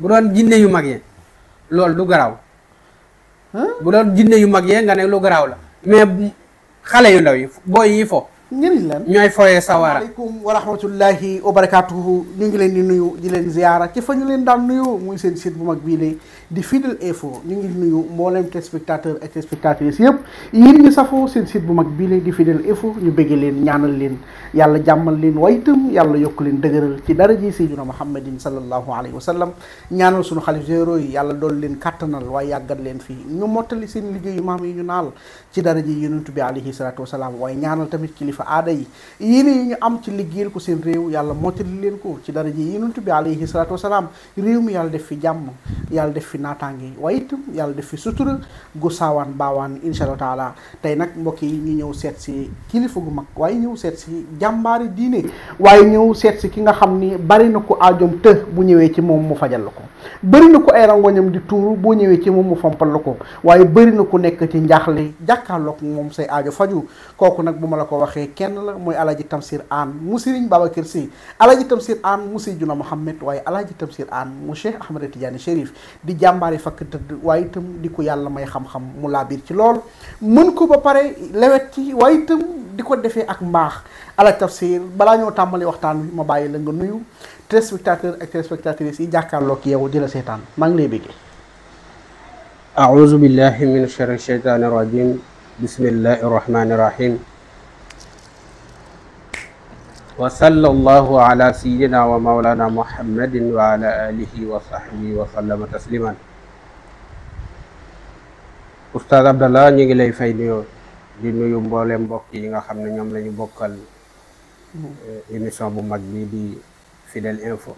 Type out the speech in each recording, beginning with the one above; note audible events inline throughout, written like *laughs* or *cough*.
bu doon jinne yu mag yi loolu du garaaw bu doon jinne yu mag yi nga ne lu garaaw la mais xale yu ndaw yi booy yi fo njëriñ lan ñooy foyee sawara aleykum wa rahmatullahi wa barakatuhu ñu ngi leen di nuyu di leen ziyaara ci fa ñu leen daan nuyu muy seen site bu mag bii lay di Fidel Info ñu ngi nuyu mboolem téléspectateur ak téléspectatrices yëpp yéen ñu safoo seen site bu mag bii lay di Fidel Info ñu bëggee leen ñaanal leen yàlla jàmmal leen waytam yàlla yokk leen dëgëral ci dara ji sayyidina Muhammadin sallallahu alayhi wa sallam ñaanal suñu xalif généraux yi yàlla dool leen kàttanal waaye yàggal leen fii ñu mottali seen liggéeyu maam yi ñu naal ci dara ji yonent bi alayhi salaatu wasalaam waaye ñaanal tamit kilifa kilifa aada yi yéene yi ñu am ci liggéeyal ko seen réew yàlla moo mottali leen ko ci dara ji yi yonent bi alayhi salaatu wasalaam réew mi yàlla def fi jàmm yàlla def fi naataange waaye itam yàlla def fi sutura gu saawaan baawaan incha allah taala tey nag mbokk yi ñu ñëw seet si kilifa gu mag waaye ñëw seet si jàmbaari diine waaye ñëw seet si ki nga xam ni bari na ko aajom të bu ñëwee ci moom mu fajal la ko bëri na ko ay rangoñam di tuuru boo ñëwee ci moom mu fompal la ko waaye bëri na ku nekk ci njaaxle jàkkaarlook moom say aajo faju kooku nag bu ma la ko waxee kenn la mooy alaaji Tamsir Anne mu Serigne Babacar Sy alaaji Tamsir Anne mu Seydina Mohamed waaye alaaji Tamsir Anne mu Cheikh Ahmed Tidiane Chérif di jàmbaari fakk tëdd waaye itam di ko yàlla may xam-xam mu biir ci lool mën ko ba pare lewet ci waaye itam di ko defee ak mbaax ala tafsir balaa ñoo tàmbali waxtaan wi ma bàyyi la nga nuyu téléspectateurs ak téléspectatrices yi jàkkaarloog yow di la seetaan maa ngi lay bëggee. aouzu billahi min shari shaytaani rajim bismillahi rahmaani rahim. wa sallallahu ala sayyidina wa mawlana muhammadin wa ala alihi wa sahbihi wa sallama tasliman. Oustaz Abdallah ñu ngi lay fay nuyoo di nuyu mboolem mbokk yi nga xam ne ñoom la ñu bokkal. Mm. Eh, émission bu mag bi di. Fidèle Info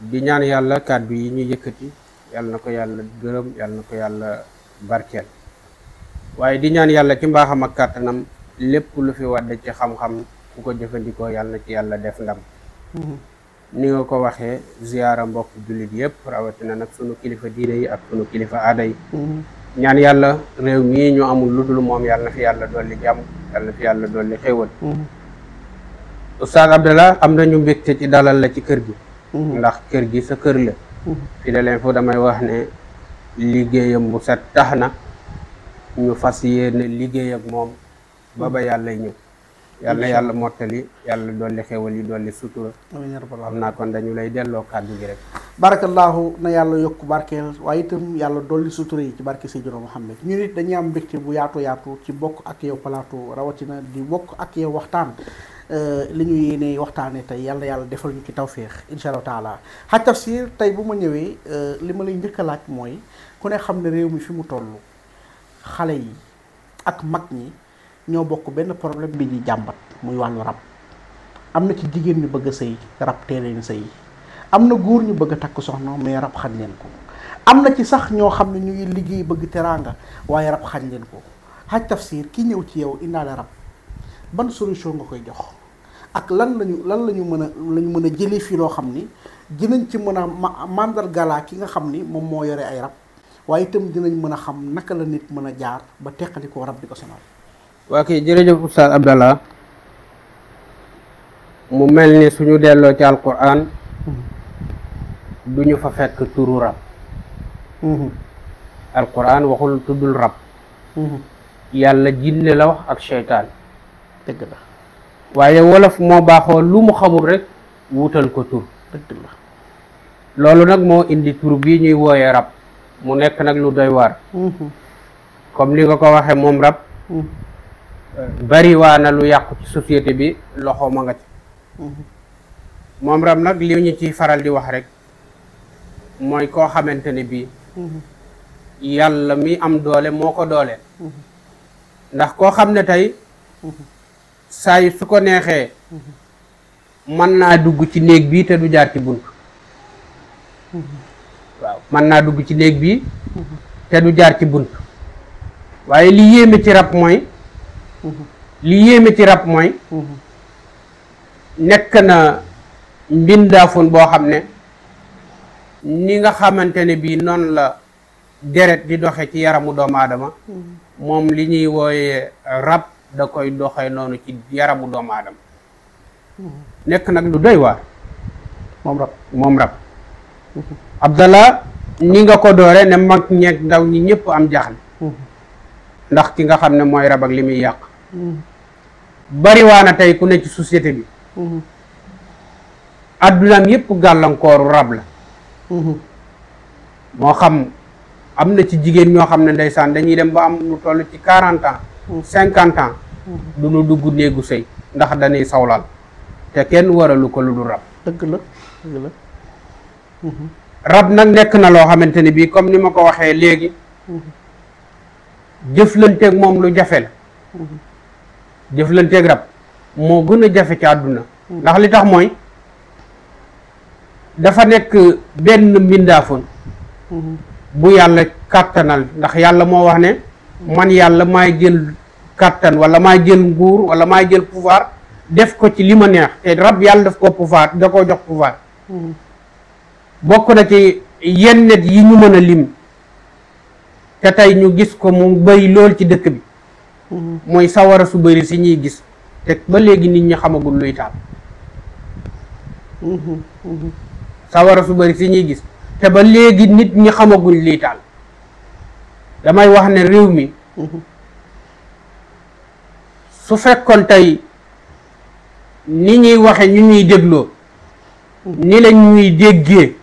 di ñaan yàlla bi yi ñu yëkkati yàlla na ko yàlla gërëm yàlla na ko yàlla barkeel waaye di ñaan yàlla ci mbaaxam ak kàttanam lépp lu fi wadde ci xam-xam ku ko jëfandikoo yàlla na ci yàlla def ndam ni nga ko waxee ziyaara mbokk jullit yëpp rawatina nag sunu kilifa diine yi ak sunu kilifa aada yi ñaan yàlla réew mii ñu amul lu dul moom yàlla na fi yàlla dolli jàmm yàlla na fi yàlla dolli xéwal Oustaz Abdallah am ñu mbégte ci dalal la ci kër gi mhm. ndax kër gi sa kër la mhm. Fidèle Info damay wax né ligéyam bu sa taxna ñu fas yéene ligéy ak mom baba yalla ñu yalla yalla motali yalla yàlla dolli xewal yi dolli sutura ya xam naa kon dañu lay delloo kaddu gi rek barakallahu na yalla yok barkel waye tam yalla dolli sutura yi ci barke Seydina Muhammad ñu nit dañu am mbégte bu yaatu yaatu ci bokk ak yow plateau rawatina di bokk ak yow waxtaan Euh, li ñu yéene waxtaane tey yàlla yàlla defal ñu ci tawféex incha allahu taala Hadj Tafsir tey bu ma ñëwee euh, li ma lay njëkk a laaj mooy ku ne xam ne réew mi fi mu toll xale yi ak mag ñi ñoo bokk benn problème bi ñu jàmbat muy wàllu rab am na ci jigéen ñu bëgg a sëy rab tee leen sëy am na góor ñu bëgg a takk soxna mais rab xañ leen ko am na ci sax ñoo xam ne ñuy liggéey bëgg teraanga waaye rab xañ leen ko Hadj Tafsir ki ñëw ci yow indaale rab ban solution nga koy jox ak lan lañu lan lañu mëna lañu mëna jëlé fi lo xamni dinañ ci mëna a gala ki nga xamni mom mo yoré ay rab waye tam dinañ mëna xam naka la nit mëna jaar ba teqalikoo rab di ko sonal ki kii jërëjëf oustad abdallah mu melni ni suñu delloo ci alquran duñu fa fekk turu rab mm-hmm. alquran waxul tuddul rab mm-hmm. yalla jinne la wax ak shaytan deug la waaye wolof moo baaxoo lu mu xamul rek wutal ko tur loolu nag moo indi tur bi ñuy wooyee rab mu nekk nag lu doy waar comme li nga ko waxee moom rab bari na lu yàqu ci société bi loxo ma nga ci moom rab nag li ñu ciy faral di wax rek mooy koo xamante ne bii yàlla mi am doole moo ko doole ndax koo xam ne tey saa yu su ko neexee mën naa dugg ci néeg bi te du jaar ci bunt waaw mën naa dugg ci néeg bi te du jaar ci bunt waaye li yéeme ci rab mooy li yéeme ci rab mooy nekk na mbindaafoon boo xam ne ni nga xamante ne bii noonu la deret di doxe ci yaramu doomu aadama moom li ñuy wooye rab da koy doxé nonu ci yaramu doom adam hmm. nek nak du doy war mom rap mom rap hmm. abdallah ni nga ko doré ne mak ñek ndaw ñi ñëpp am jaxal hmm. ndax ki nga xamné ne rab ak limi yaq bari waana tay ku ne ci société bi adulam yépp galankor rab la mo xam am ci jigen ñoo xamne ne dañuy dem ba am lu tollu ci 40 ans cinquante ans du nu dugg néegu sëy ndax dañuy sawlal te kenn waralu ko lu du rab dëgg la dëgg uhuh. rab nag nekk na loo xamante ni bii comme ni ma ko waxee léegi jëflanteeg moom lu jafe la uhuh. jëflanteeg rab moo gën a jafe ci àdduna uhuh. ndax li tax mooy dafa nekk benn mbindaafoon bu yàlla kàttanal ndax yàlla moo wax ne man yàlla maay jël kàttan walla maay jël nguur wala maay jël pouvoir def ko ci li ma neex te rab yàlla daf ko pouvoir da koo jox pouvoir hmm. bokk na ci yenn nit yi ñu mën a lim te tey ñu gis ko mu bëri lool ci dëkk bi hmm. mooy sawara su bari si ñuy gis te ba léegi nit ñi xamagul luy taal hmm, sawara su bari si ñuy gis te ba léegi nit ñi xamagul luy taal damay wax ne réew mi su fekkoon tey ni ñuy waxe ñu ñuy dégloo ni la ñuy déggee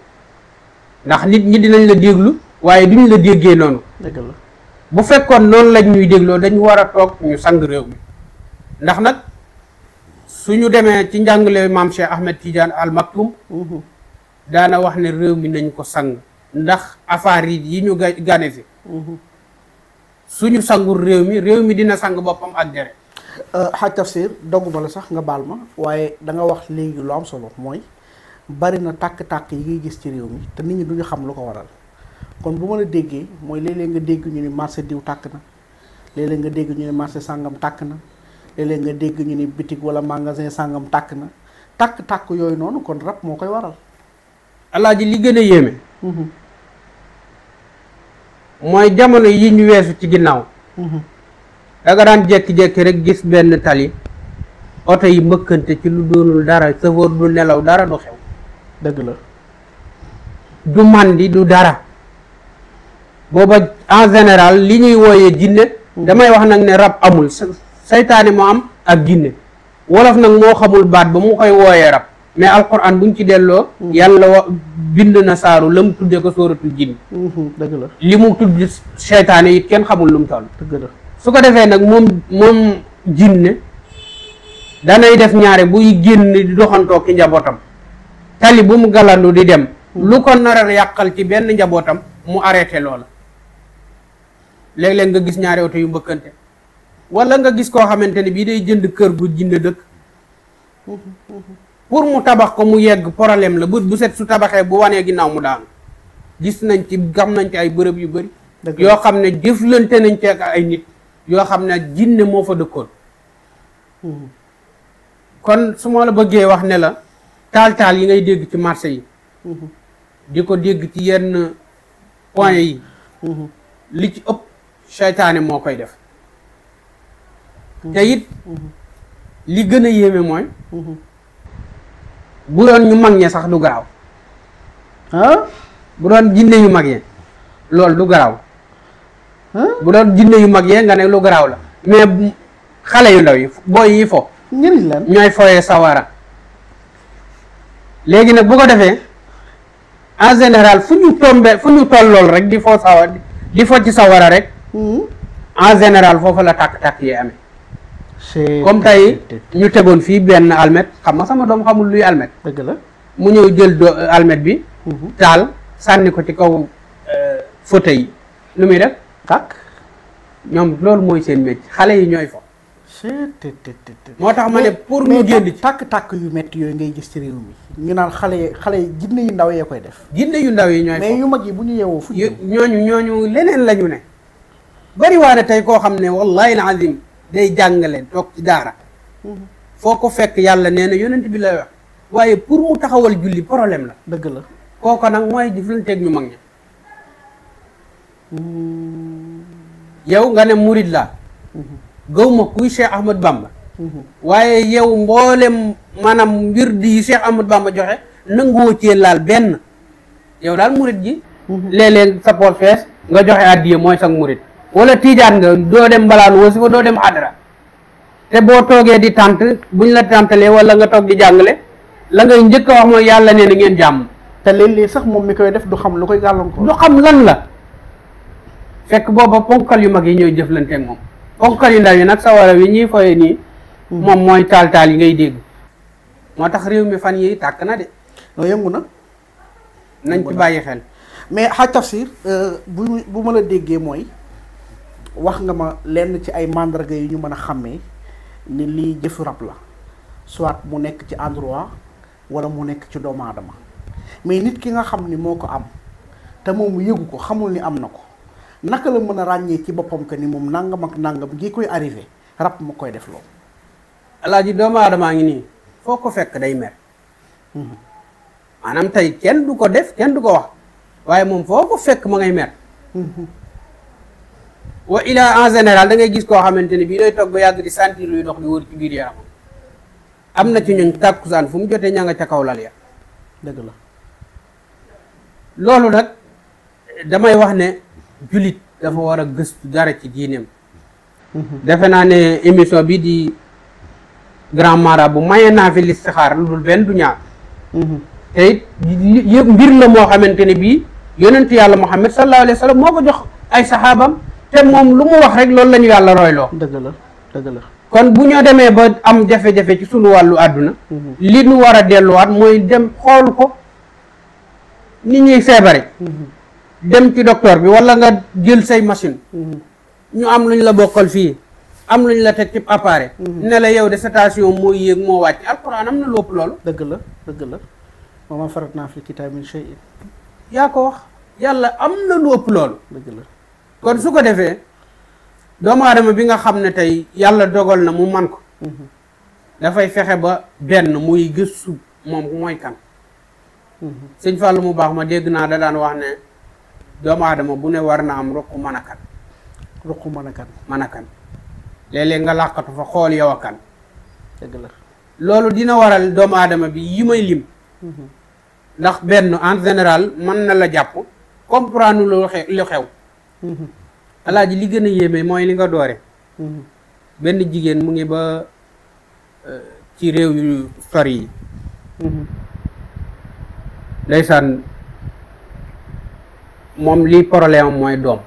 ndax nit ñi dinañ la déglu waaye duñ la déggee noonu bu fekkoon noonu lañ ñuy dégloo dañu war a toog ñu sang réew mi ndax nag suñu demee ci njàngale maam Cheikh Ahmed Tidiane al Maktoum mhm. daana wax ne réew mi nañ ko sang ndax affaire yi ñu gane fi mhm. su suñu sangul réew mi réew mi dina sang boppam ak dere xaj euh, tafsir dogguma la sax nga baal ma waaye danga wax léegi lu am solo mooy bari na tàkk-tàkk yi ngay gis ci réew mi te nit ñi duñu xam lu ko waral kon bu ma la déggee mooy léeg nga dégg ñu ni marché diw tàkk na léeg nga dégg ñu ni marché sangam tàkk na léeg nga dégg ñu ni bitig wala magasin sangam tàkk na tàkk-tàkk yooyu noonu kon rab moo koy waral alaaj li gën a yéeme mhm. mooy jamono yi ñu weesu ci ginnaaw mhm. danga daan jékki-jékki rek gis benn tali oto yi mbëkkante ci lu doonul dara sëfoor du nelaw dara du xew dëgg la du màndi du dara booba en général li ñuy wooyee jinne mhm. damay wax nag ne rab amul seytaane mu am ak jinne wolof nag moo xamul baat ba mu koy wooyee rab mais alquran buñ ci delloo mm-hmm. yàlla wa bind na saaru la mu tuddee ko sóoratul jinn mm-hmm. dëgg la li mu tudd seytaane it kenn xamul lu mu toll dëgg la su ko defee nag moom moom jinne danay def ñaare buy génn di doxantoo ki njabootam tali bu mu galandu di dem mm-hmm. lu ko naral yàqal ci benn njabootam mu arrêté loola léeg leen nga gis ñaari oto yu mbëkkante wala nga gis koo xamante ne bii day jënd kër gu jinne dëkk pour mu tabax ko mu yegg problème la bu bu set su tabaxee bu wanee ginnaaw mu daanu gis nañ ci xam nañ ci ay bërëb yu bëri yoo xam ne jëflante nañ ci ay nit yoo xam ne jinne moo fa dëkkoon hmm. kon su ma la bëggee wax ne la taal-taal yi ngay dégg ci marché yi hmm. di ko dégg ci yenn point yi hmm. li ci ëpp seytaane moo koy def te it li gën a yéeme mooy bu doon ñu mag ñe sax du garaaw bu doon jinne yu mag ye loolu du garaaw bu doon jinne yu mag yee nga ne lu garaaw la mais xale yu ndaw yi booy yi fo ñooy foyee sawara léegi nag bu ko defee en général fu ñu tombé fu ñu tollool rek di fo sawar di fo ci sawara rek hmm? en général foofu la tàkk-tàkk yi amee comme tey ñu tegoon fii benn almet xam nga sama doom xamul luy almet dëgg la mu ñëw jël do almet bi mhm. taal sànni ko ci kaw euh, fauteuil yi lu muy def tak ñoom loolu mooy seen métier xale yi ñooy fo moo tax ma ne pour mu génn ci tàkk-tàkk yu metti yooyu ngay gis ci réew mi ñu naan xale xale yi jinne yu ndaw yee koy def jinne yu ndaw yi ñooy mais yu mag yi bu ñu yeewoo fu ñooñu ñooñu leneen la ñu ne bari waane tey koo xam ne wallahi al azim day jàngaleen tok ci daara foko fekk yalla neena yonent bi lay wax waye pour mu taxawal julli problème la deug la nak moy mooy ak ñu mag yow nga ne murid la gawma kuy Cheikh Ahmad Bamba waye yow mbollem manam wirdi yi Cheikh Ahmad Bamba joxe nangoo ci laal ben yow dal murid ji mhm. lele sa pool fess nga joxe moy sax murid wala tiijaan nga doo dem mbalaan wasifa doo dem adra te boo toogee di tànt buñ la tàntalee wala nga toog di jàngale la ngay njëkk a wax mooy yàlla nee na ngeen jàmm te leen lii sax moom mi koy def du xam lu koy gàllankoor du xam lan la fekk booba ponkal yu mag yi ñooy jëflanteeg moom ponkal yu ndaw yi nag sa sawara wi ñuy foye nii hmm. moom mooy taal taal yi ngay dégg moo tax réew mi fan yi tàkk na de yëngu na nañ ci bàyyi xel mais xaaj tafsir euh, bu bu ma la déggee mooy wax nga ma lenn ci ay mandarga yu ñu mën a xàmmee ni lii jëfu rab la soit mu nekk ci endroit wala mu nekk ci doomu aadama mais nit ki nga xam ni am te moom yëgu ko xamul ni am na ko naka la mën a ràññee ci boppam que ni moom nangam ak nangam gi koy arrivé rab ma koy def loolu alaaji doomu aadamaa ngi nii foo ko fekk day mer mhm. maanaam tey kenn du ko def kenn du ko wax waaye moom foo ko fekk ma ngay mer mhm. wa ila en général da ngay gis koo xamante ne bii day toog ba yàgg di sentir luy ndox di wër ci biir yaram am na ci ñooñ tàkkusaan fu mu jotee ña nga ca kaw lal ya loolu nag damay wax ne julit dafa war a gës dara ci diineem mhm. defe naa ne émission bi di grand marabout bu maye naa fi listixaar lu dul benn du ñaar mhm. te mbir la moo xamante ne bii yonentu yàlla Muhammad sallallahu alayhi wa sallam moo ko jox ay saxaabam te mom lu mu wax rek loolu lañu yalla roy lo la la. kon bu ñu démé ba am jafe-jafe ci sunu walu aduna mhm. li nu wara déllu wat moy dem xol ko ni ñi fébaré mhm. dem ci docteur bi wala nga jël say machine. Mhm. ñu am luñ la bokkal fi am luñ la tek ci appareil. ne la yow de station moy yek mo wacc alcorane am na lopp lool deug la deug la. wa fi min shay'in. ya ko wax yalla am na lopp lool deug la. kon su ko defee doomu aadama bi nga xam ne tey yàlla dogal na mu man ko mhm. dafay fexe ba benn muy gëstu moom mooy kan mhm. sëñ Fallou mu baax ma dégg naa da daan wax ne doomu aadama bu ne war na am ruq mën a kan ruq mën a kan nga làqatu fa xool yow a dëgg la loolu dina waral doomu aadama bi yi may lim mhm. ndax benn en général mën na la jàpp comprendre lu xew alaaji li gën a yéeme mooy li nga doore mm-hmm. benn jigéen mu ngi ba euh, ci réew yu sori yi mm-hmm. ndeysaan moom li problème mooy doom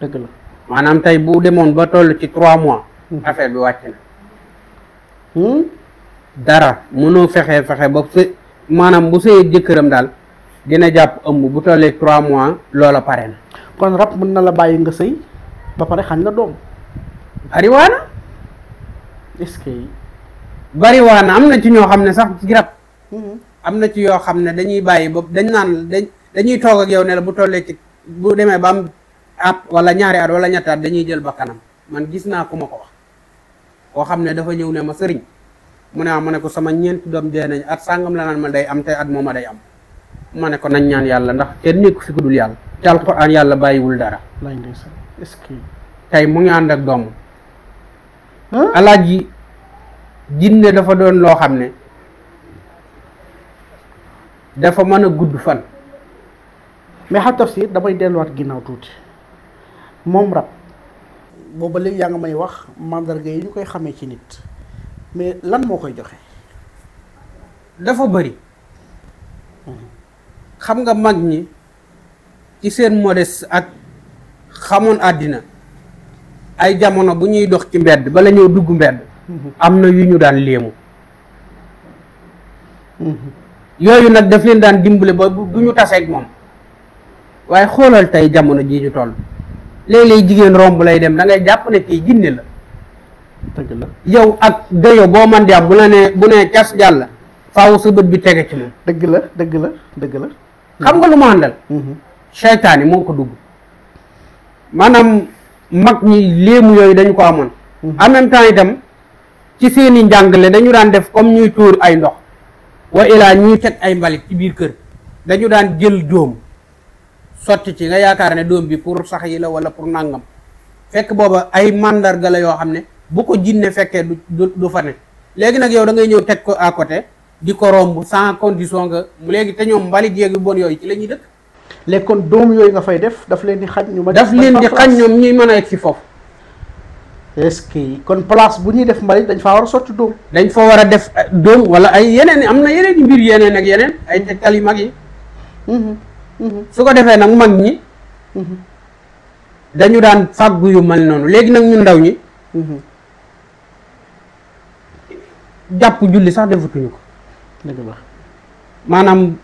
dëgg maanaam tey bu demoon ba toll ci trois mois mm-hmm. affaire bi wàcc na hmm? dara mënoo fexe fexe ba maanaam bu sëyee jëkkëram daal dina japp ëmb bu tollee parena mois loola pare na. kon rap mën na la bàyyi nga sey ba pare xañ la doom. bariwaana. est-ce que. bariwaana am na ci ñoo xam sax ci rap mhm. am ci yo xam dañuy bàyyi ba dañ naan dañuy tok ak yow ne la bu tollee ci bu demee ba am wala ñaari at wala dañuy jël ba man gis na kuma ko wax. ko xam dafa ñew ne ma sëriñ mu ne ko sama ñent doom dee nañ at sangam la naan ma day am at moma day am mané ko nañ ñaan yalla ndax kenn nekku fi gudul yàlla te alquran yàlla bàyyiwul dara tay mu ngi and ak dom alaaji jinne dafa doon lo xamne dafa mëna gudd fan mais ha tafsir damay wat ginnaaw tuti mom rap bo léegi yaa nga may wax mandar gay ñu xamé ci nit mais lan mo koy joxé dafa bari xam nga mag ñi ci seen modes ak xamoon àddina ay jamono bu ñuy dox ci mbedd bala ñëw dugg mbedd am na yu ñu daan léemu yooyu nag daf leen daan dimbale ba du ñu taseeg moom waaye xoolal tey jamono ji ñu toll léeg-léeg jigéen romb lay dem dangay jàpp ne kii jinne la dëgg yow ak dayo boo man di am bu la ne bu ne cas jàll faaw sa bët bi tege ci moom dëgg la dëgg la dëgg la xam nga lu mu àndal mhm. seytaane moo ko dugg maanaam mag ñi léemu yooyu dañu ko amoon mhm. en même temps itam ci seeni njàngale dañu daan def comme ñuy tuur ay ndox wa ilaa ñuy teg ay mbalit ci biir kër dañu daan jël dóom sotti ci nga yaakaar ne doom bi pour sax yi la wala pour nàngam fekk booba ay màndarga la yoo xam ne bu ko jinne fekkee du du fa ne léegi nag yow da ngay ñëw teg ko à côté di ko romb sans condition nga legi te ñom mbali diegu bon yoy ci lañuy dëkk kon doom yoy nga fay def daf leen di xaj ñu ma daf leen di xaj ñom ñuy mëna ci fof est ce que kon place bu ñuy def mbali dañ fa wara a sotti doom dañ fa wara def eh, doom wala ay yeneen amna na yeneen mbir yeneen ak yeneen ay tekkal yu mag yi mhm, mhm. su ko defee nag mag ñi mhm. dañu daan fàggu yu mel noonu léegi nag ñu ndaw ñi jàpp julli sax defatuñu ko maanaam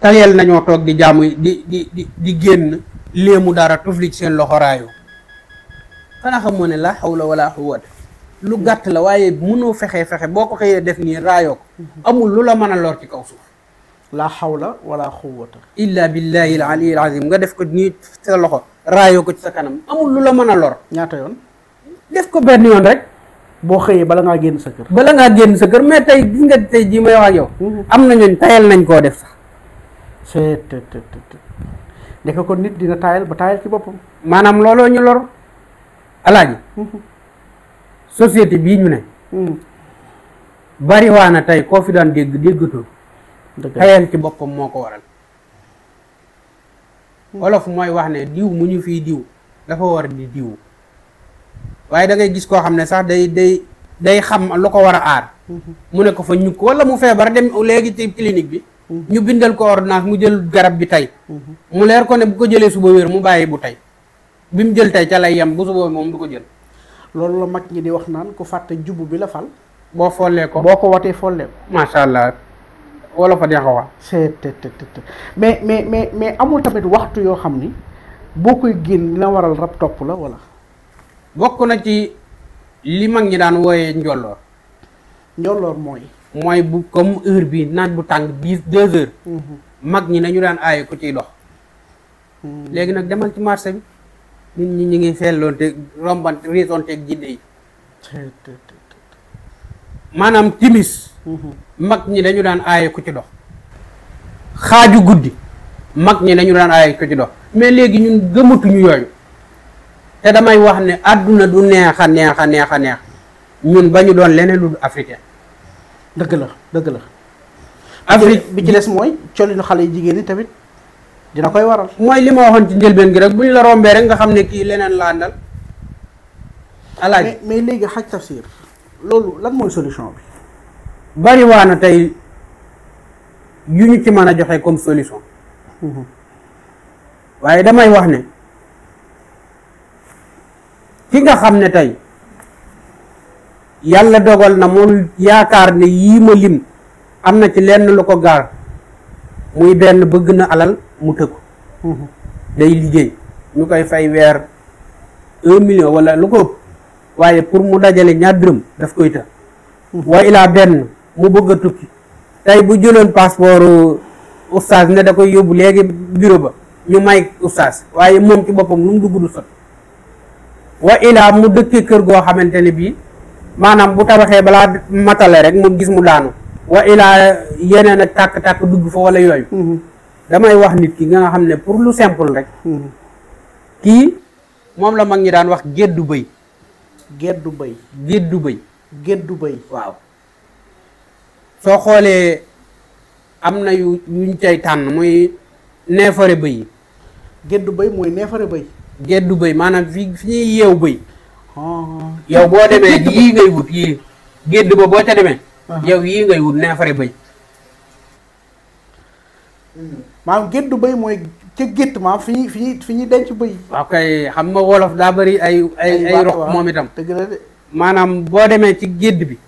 tayel nañoo toog di jaamu di di di di génn léemu dara tufli seen loxo raayu xanaa xamoo ne la xawla walaa xuwwata lu gàtt la waaye mënoo fexe fexe boo ko xëyee def nii raayoo ko amul lu la mën a lor ci kaw suuf la xawla wala xuwwata illa billahi al aliyyil azim nga def ko nii sa loxo raayoo ko ci sa kanam amul lu la mën a lor ñaata yoon def ko benn yoon rek boo xëyee bala ngaa génn sa kër. bala ngaa génn sa kër mais tey gis nga tey jii may yow ak yow. Mhm. am na ñooñ tayal nañ koo def sax. c'est ko nit dina taayal ba taayal ci boppam. maanaam looloo ñu lor alaaji. Mhm. société bii ñu ne. Mhm. bari waa na tey koo fi daan dégg déggatoo. tayal ci boppam moo ko waral. wolof mooy wax ne diw mu ñu fii diw dafa war di diw. waaye da ngay gis koo xam ne sax day day day xam lu ko war a aar mm-hmm. mu ne ko fa ñukk wala mu feebar dem léegi ci clinique bi mm-hmm. ñu bindal ko ordonnance mu jël garab bi tey mm-hmm. mu leer ko ne bu ko jëlee suba wér mu bàyyi bu tey bi mu jël tey ca lay yem bu suba moom du ko jël loolu la mag ñi di wax naan ko fàtte jubu bi la fal boo follee ko boo ko watee follee ko macha allah wala fa neexa wax mais mais mais mais amul tamit waxtu yoo xam ni boo koy génn dina waral rab la wala bokk na ci li mag ñi daan wooyee njolloor njolloor mooy mooy bu comme heure bi naaj bu tàng dix deux heures mhm. mag ñi nañu daan aaye ku ciy dox mhm. léegi nag demal ci marché bi nit ñi ñu ngi xelloonte rombante riisonteeg jinne yi maanaam timis mhm. mag ñi dañu daan aaye ku ci dox xaaju guddi mag ñi dañu daan aaye ku ci dox mais léegi ñun gëmatuñu yooyu te damay wax ne àdduna du neex a neex a neex a neex ñun ba ñu doon leneen lu africain. dëgg la dëgg la. Afrique bi ci des mooy colinu xale yu jigéen ñi tamit dina koy waral. mooy li ma waxoon ci njëlbeen gi rek bu ñu la rombee rek nga xam ne kii leneen laa ndal. alaaj mais mais léegi xaj tafsir loolu lan mooy solution bi. bari waa na tey yu ñu ci mën a joxe comme solution. waaye damay wax ne. ki nga xam ne tey yàlla dogal na mu yaakaar ne yii ma lim am na ci lenn lu ko gaar muy benn bëgg na alal mu tëkku mhm. day liggéey ñu koy fay weer un million wala lu ko ëpp waaye pour mu dajale ñaar dërëm daf koy të mhm. wa ilaa benn mu bëgg a tukki tey bu jëloon passeport oustaz ne da koy yóbbu léegi bureau ba ñu may oustaz waaye moom ci boppam lu mu dugg du sot wa ilaa mu dëkk kër goo xamante ne bii maanaam bu tabaxee balaa matale rek mu gis mu daanu wa ilaa yeneen ak tàkk-tàkk dugg fa wala yooyu mhm. damay wax nit ki nga xam ne pour lu simple rek mhm. kii moom la mag ñi daan wax géddu bëy géddu bëy géddu bëy géddu bëy waaw soo xoolee am na yu yuñ cay tànn muy neefare bëy yi géddu bëy mooy neefare bëy geddu bay maanaam fi fi ñuy yeew bëy ah. yow boo demee yii ngay wut yii gedd ba boo ca demee yow yii ngay wut neefare bay maanaam géddu bëy mooy ca gétt maam fi ñuy denc bëy waaw kay xam nga wolof daa bëri ay ay ay moom itam maanaam boo demee ci gédd bi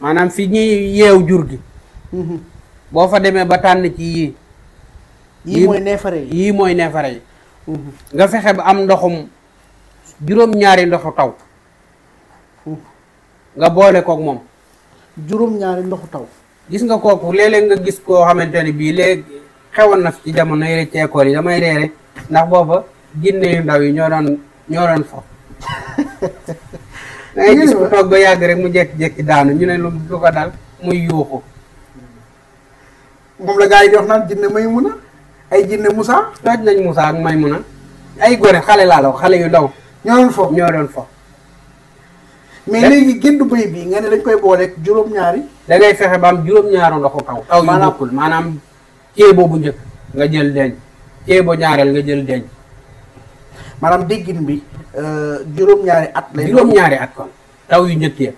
maanaam fi ñuy yeew jur gi mhm. boo fa demee ba tànn ci yii neefare yii mooy neefare yi nga fexe ba am ndoxum juróom-ñaari ndoxu taw nga boole kook moom juróom-ñaari ndoxu taw gis nga kooku léeg nga gis koo xamante ne bii léegi xewoon na ci jamono yi ci école yi damay reere ndax booba ginne yu ndaw yi ñoo daan ñoo fo *laughs* da ngay gis mu toog ba yàgg rek mu jékki-jékki daanu ñu ne lu lu ko dal muy yuuxu moom la gaa yi naan ginne may mun a ay jinne Moussa toj nañ Moussa ak may Maymuna ay gore xale laa law xale yu ndaw ñoo doon fo ñoo doon fo mais léegi génn bëy bi nga ne dañ koy booleeg juróom-ñaari da fexe ba am juróom-ñaaru ndoxu kaw kaw yu maanaam cee boobu njëkk jël denc bo ñaareel nga jël denc maanaam déggin bi euh, juróom-ñaari at lay juróom at kon taw yu njëkk ya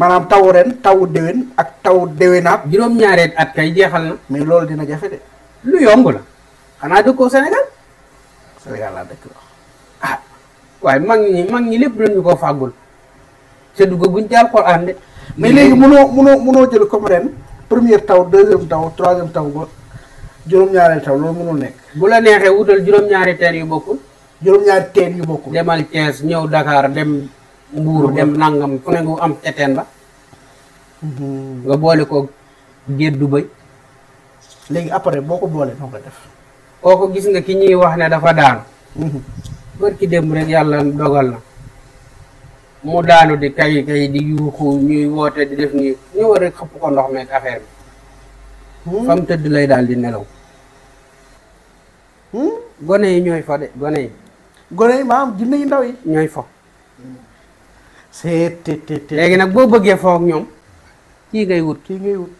maanaam taw ren taw déwén ak taw déwénaat juróom-ñaari at kay jeexal na mais loolu dina jafe de lu yomb la anadoko sénégal kau sana kan? wax ah waaye mag ñi mag ni lépp lañu ko fàggul fagul. dugg guñ ci alxuraan de mais léegi muno muno mënoo jël comme ren première taw deuxième taw troisième taw ba juróom-ñaari taw loolu mënul nekk bu la neexee wutal juróom-ñaari teen yu bokkul juróom-ñaari teen yu bokkul demal Thiès ñëw Dakar dem Mbuur dem nangam Kau ne am ca ba mhm. nga boole ko géddu bëy léegi après boo ko boole def kooku gis nga ki ñuy wax ne dafa daanu mm-hmm. bërki démb rek yàlla dogal na mu daanu di kay kay di yuuxu ñuy woote di def nii ñëw rek xëpp ko ndox meeg affaire bi mm-hmm. fam tëdd lay daal di nelaw mm-hmm. gone yi ñooy fa de gone yi gone yi maam jinne yi ndaw yi ñooy fo seet léegi nag boo bëggee foo ak ñoom kii ngay wut kii ngay wut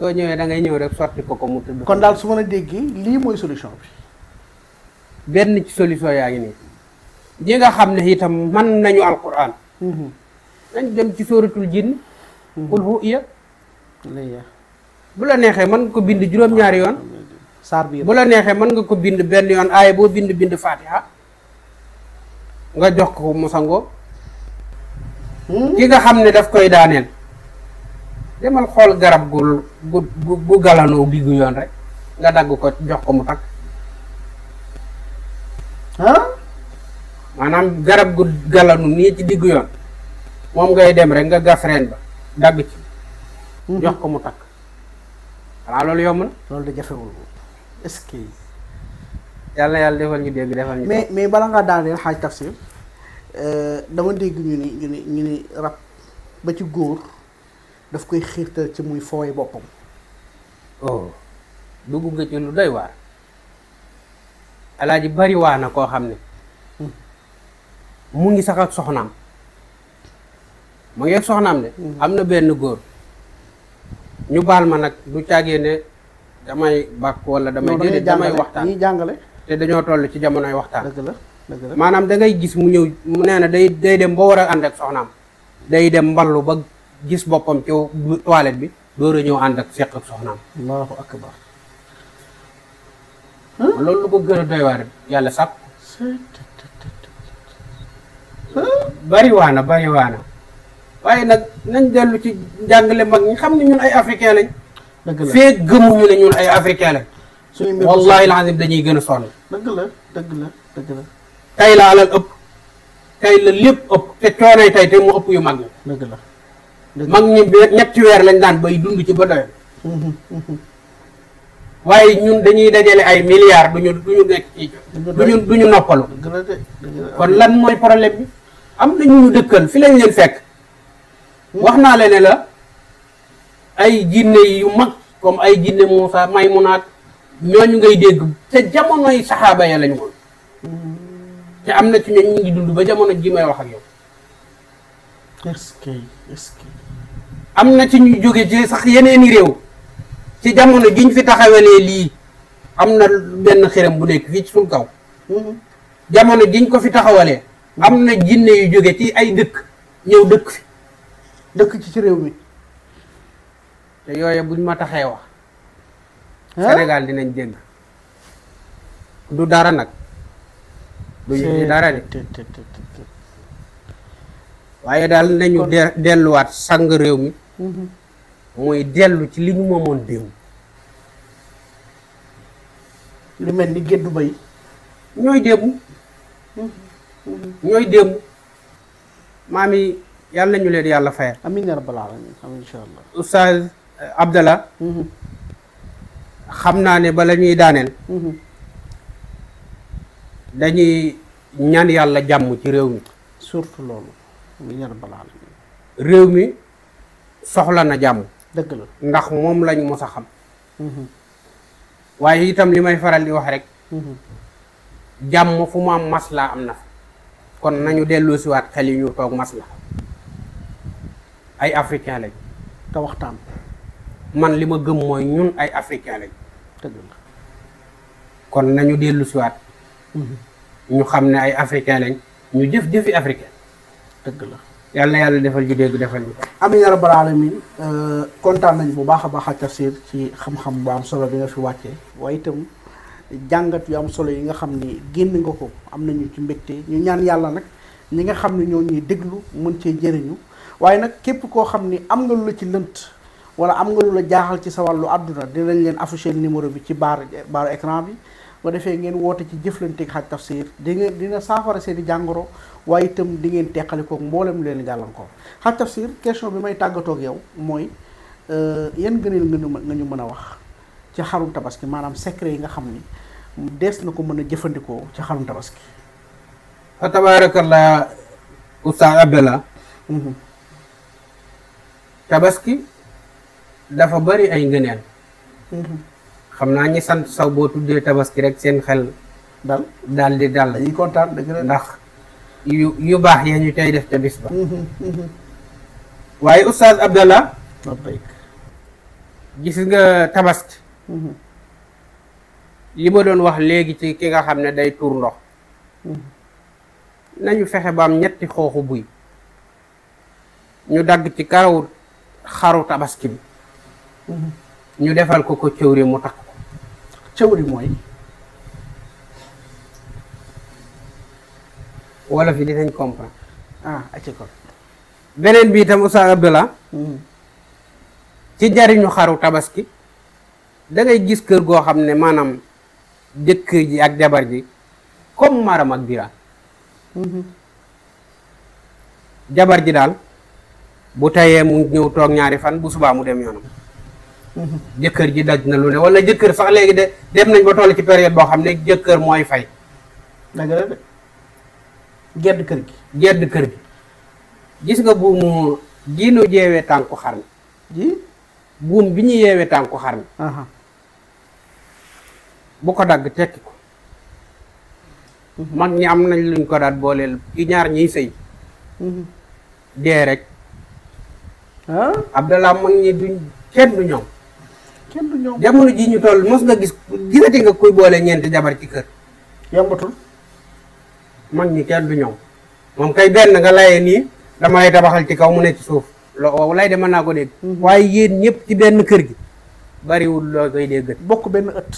da ngay ñëw rek ko ko mu tëdd kon dal suma na déggé li moy solution bi benn ya mhm. ci solution yaa ngi nii ñi nga xamné itam man nañu alquran nañ dem ci kul hu ya huwa bu la nexé man ko bind juroom ñaar yoon sar bi bu la nexé man nga ko bind benn yoon ay bo bind bind fatiha nga jox ko musango hmm? ki nga xamné daf koy demal xol garab gu gu gu galanoo diggu yoon rek nga dagg ko jox ko mu tak ah manam garab gu galano nii ci digu yon mom ngay dem rek nga gas reen ba dagg ci mhm. jox ko mu tak ala loolu yom na loolu da jafewul est-ce yalla defal ñu deg defal ñu mais mais bala ngaa daaneel tafsir euh, dama deg ñu ni ñu ni rap, ba ci gor daf koy xiirtal ci muy fooye boppam oh dugg nga ci lu doy waar alaaji bari waa na koo xam ne hmm. mu ngi sax ak soxnaam mu ngi ak soxnaam de hmm. am na benn góor ñu baal ma nag du caagee ne damay bàkk wala damay déedéet damay waxtaan jàngale te dañoo toll ci jamonoy waxtaan la maanaam da ngay gis mu ñëw mu nee na day day dem ba war a ànd ak soxnaam day dem mballu ba gis boppam ci toilette bi door a ñëw ànd ak seq ak soxnaam. allahu akbar. loolu lu ko gën a doy waar yàlla sàkk. bari waana bari waana waaye nag nañ dellu ci njàngale mag ñi xam ne ñun ay africain lañ. dëgg la fee gëmuñu ne ñun ay africain lañ. suñu mbir wallaahi dañuy gën a sonn. dëgg la dëgg la dëgg la. tey la alal ëpp. tey la lépp ëpp te coonay tey te mu ëpp yu mag ñi. mag ñi ñettiweer lañ daan bay dund ci ba doyal waaye ñun dañuy dajale ay milliards duñu duñu nekk ci duñu duñu noppalu kon lan mooy problème bi am na ñu dëkkal fi lañ leen fekk hmm? wax naa la ne la ay jinne yu mag comme ay jinne Moussa Maymunaat ñooñu ngay dégg te jamonoy saxaaba ya lañ woon hmm. te am na ci ñoom ñu ngi dund ba jamono ji may wax yow am na ci ñu jóge ci sax yeneeni réew ci jamono jiñ fi taxawalee lii am na benn xiram bu nekk fii suñ kaw mhm. jamono jiñ ko fi taxawalee am na jinne yu jóge ci ay dëkk ñëw dëkk fi dëkk ci ci réew mi te yooye buñ ma taxee wax Sénégal dinañ dégg du dara nag du ñu dara de waaye daal nañu delluwaat sang réew mi mooy dellu ci li ñu moomoon démb. lu mel ni géddu bay ñooy démb. ñooy démb. maam yi yàlla nañu leen yàlla fayal. amiin ya rabbal alamin amiin mhm. xam naa ne bala ñuy daaneel. Mhm. dañuy ñaan yàlla jàmm ci réew mi. surtout loolu. réew mi. soxla na jàmm. dëgg la ndax moom lañu mos a xam. Mhm. waaye itam li may faral di wax rek. Mhm. jàmm fu mu am maslaa am na kon nañu delloosiwaat xel yi ñu toog masla ay africain lañ. te man li ma gëm ñun ay africain lañ. dëgg kon nañu dellusiwaat mhm. ñu xam ne ay africain lañ ñu jëf jëfi africain dëgg la. yàlla yàlla defal ñu dégg defal ñu amiin yaa rabbal alamin euh, kontaan nañ bu baax a baax a tafsir ci xam-xam bu am solo bi nga fi wàccee waaye itam jàngat yu am solo yi nga xam ni génn nga ko am nañu ci mbégte ñu ñaan yàlla nag ñi nga xam ne ñoo ñuy déglu mën cee jëriñu waaye nag képp koo xam ni am nga lu la ci lënt wala am nga lu la jaaxal ci sa wàllu àdduna dinañ leen afficher numéro bi ci baar baaru écran bi ba defee ngeen woote ci jëflante ak Haj nga dina saafara seen i jàngoro waye tam di ngeen ko mbolam leen ko ha tafsir question bi may ak yow euh yeen gëneel nga ñu nga ñu wax ci xarum tabaski manam secret yi nga xamni dess na ko mëna jëfëndiko ci xarum tabaski fa tabarakallah oustaz abdallah mhm. tabaski dafa bari ay ngëneel mhm. xam naa ñi sant saw bo tuddé tabaski rek seen xel dal dal di dal yi contane ndax yu yu baax ya ñu tey def ca bis ba mm-hmm, mm-hmm. waaye oustaz abdallah gis nga tabaski li mm-hmm. ma doon wax léegi ci ki nga xam ne day tuur ndox nañu fexe ba am ñetti xooxu buy ñu dagg ci karaw xaru tabaski bi ñu defal ko ko cëwri mu takk ko cëwri mooy wolof yi dinañ comprendre. ah acca ko beneen bi itam Oustaz Abdallah hmm. ci njariñu xaru tabaski dangay gis kër goo xam ne maanaam jëkkër ji ak jabar ji comme maram ak biraan hmm. jabar ji daal bu tayee mu ñëw toog ñaari fan bu subaa mu dem yoonam hmm. jëkkër ji daj na lu ne wala jëkkër sax léegi de dem nañ ba toll ci période boo xam ne jëkkër mooy fay gedd kër gi gedd kër gi gis nga buumu diinu jeewe tànku xar mi guum bi ñu yeewe tànku xar mi bu ko dagg tekki ko mhm. mag ñi am nañ luñ ko daat booleel ci ñaar ñiy sëy mhm. dee rek ah? Abdallah mag ñi duñ kenn du ñoom kenn du ñoom jamono ji ñu toll mos nga gis gisati nga kuy boole ñeenti jabar ci kër yombatul man ñi kenn du ñëw mom kay ben nga laye ni dama lay tabaxal ci kaw mu ne ci suuf lo lay de mën naa ko deg mhm. waye yeen ñëpp ci ben kër gi bariwul lo koy deg bokk ben ëtt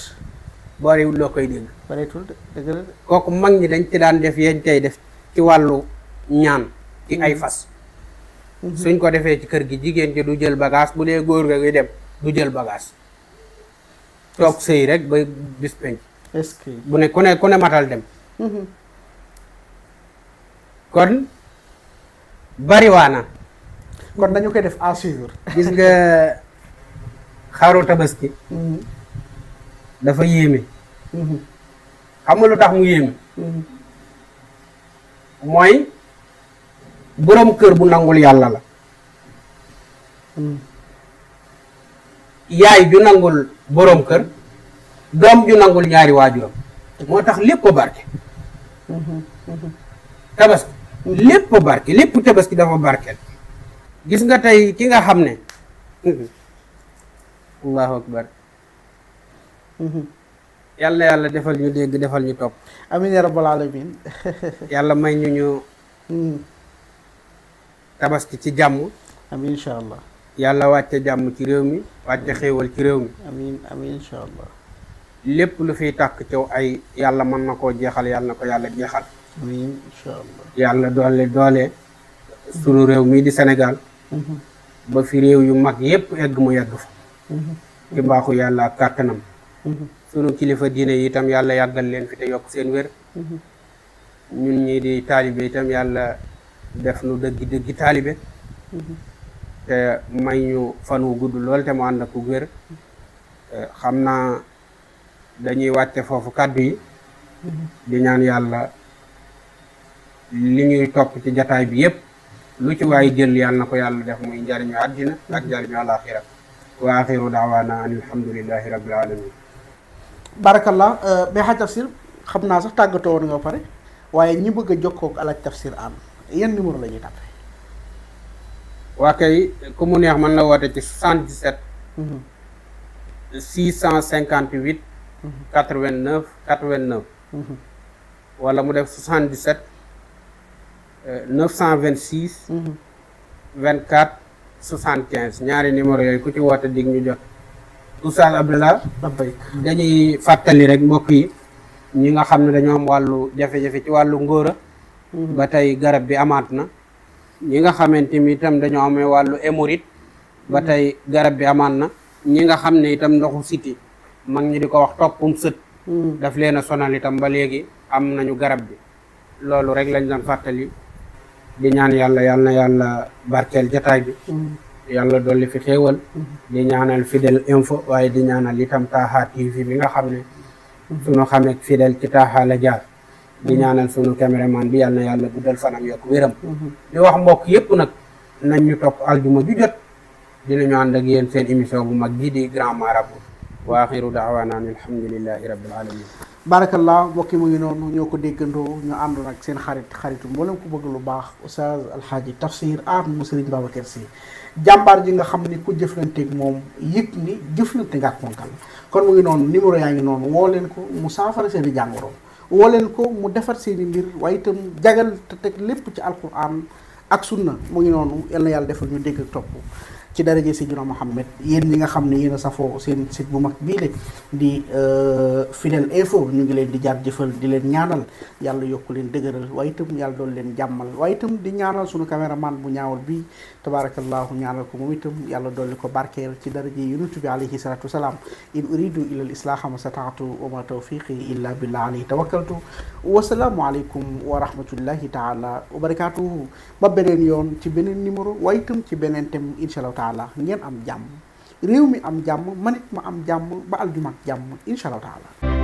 bariwul lo koy dégg bariwul dëgg la koku mag ñi dañ ci daan def yeen tay def ci walu ñaan ci ay mhm. fas mhm. suñ ko defé ci kër gi jigen ci du jël bagage bu le goor nga dem du jël bagage tok sey rek ba bis penc bu ne ko ne ko ne matal dem kon bariwaana kon dañu koy def à suivre. gis nga xaru tabaski. Mm-hmm. dafa yéeme. Mm-hmm. xam nga lu tax mu yéeme. Mm-hmm. mooy boroom kër bu nangul yàlla la. yaay ju nangul boroom kër. doom ju nangul ñaari waajuram. moo tax lépp ko barke. tabaski. lépp barke lépp tabaski dafa barkeel gis nga tey ki nga xam ne *laughs* allahu akbar mhm. yàlla yàlla defal ñu dégg defal ñu topp amin ya rabbal alamin *laughs* yàlla may ñu ñu mhm. tabaski ci jàmm amin insha allah yàlla wàcce jàmm ci réew mi wàcce xéewal ci réew mi amin amin insha allah lépp lu fiy tàkk ciw ay yàlla man na koo jeexal yàlla na ko yàlla jeexal yàlla doole doole sunu réew mii di Sénégal. Mhm. ba fi réew yu mag yépp egg mu yegg fa. Mhm. ci mbaaxu yàlla ak kàttanam. Mhm. sunu kilifa diine yi itam yàlla yàggal leen fi te yokk seen wér. ñun ñii di taalibe itam yàlla def nu dëggi dëggi taalibe. te may ñu fan wu gudd lool te mu ànd ak wér. xam naa dañuy wàcce foofu kàddu yi. di ñaan yàlla. li ñuy topp ci jataay bi yépp lu ci waay jël yàlla na ko yàlla def muy njariñu àddina ak njariñu àlaxira wa axiru daawaana an alhamdulilahi rabbil alamin barakallah Beyhac euh, Tafsir xam naa sax tàggatoo woon nga pare waaye ñi bëgg a jokkoo ak Alaaji Tafsir Anne yan numéro la ñuy tàppe waa kay ku mu neex mën na woote ci 77 658 89 89 wala mu def 77 vingt 926. 24 75 ñaari numéro yooyu ku ci woote dig ñu jot. Oustaz Abdallah dañuy fàttali rek mbokk yi ñi nga xam ne dañoo am wàllu jafe-jafe ci wàllu ngóora. Mhm. ba tey garab bi amaat na. ñi nga xamante ni dañoo amee wàllu émorite ba mhm. tey garab bi amaat na. ñi nga xam ne itam ndoxu siti mag ñi di ko wax toppum sët. Mhm. daf leen a sonal itam ba léegi am nañu garab bi loolu rek lañ daan fàttali. di ñaan yàlla yàlla na yàlla barkeel jataay bi mm-hmm. yàlla dolli fi xéewal mm-hmm. di ñaanal Fidèle Info waaye di ñaanal itam Taaha TV bi nga xam ne mm-hmm. sunu xameek Fidèle ci Taaha la jaar di ñaanal sunu caméraman bi yàlla na yàlla guddal fanam yokk wéram di wax mbokk yépp nag nañ ñu topp aljuma ju jot dinañu ànd ak yéen seen émission bu mag ji di Grand Marabout wa axiru daawaana an alhamdulilahi rabbil alamin barakallah mbokki mu ngi noonu ñoo ko déggandoo ñu àndoon ak seen xarit xaritu mboolem ku bëgg lu baax oustaz alxaaji tafsir aar mu sëriñ Babacar Sy jàmbaar ji nga xam ni ku jëflanteeg moom yëg ni jëflante nga ak ponkal kon mu ngi noonu numéro yaa ngi noonu woo leen ko mu saafara seen i jàngoro woo leen ko mu defar seen i mbir waaye itam jagal te teg lépp ci alquran ak sunna mu ngi noonu yal na yàlla defal ñu dégg ak topp ci daraje Seydina Mohamed yéen ñi nga xam ne yéen a safoo seen site bu mag bii la di euh, Fidèle Info ñu ngi leen di jaajëfal di leen ñaanal yàlla yokk leen dëgëral waaye itam yàlla doon leen jàmmal waaye itam di ñaanal sunu caméraman bu ñaawal bi tabaarakallaahu ñaanal ko moom itam yàlla dolli ko barkeel ci daraje yonent bi alayhi salaatu wasalaam in uridu ila al islaaha ma sataatu wa ma tawfiqi illa wa rahmatullahi taala wa barakatuhu ba beneen yoon ci beneen numéro waaye itam ci beneen thème incha taala ngeen am jàmm réew mi am jàmm man it ma am jàmm ba aljuma ak jàmm incha allahu taala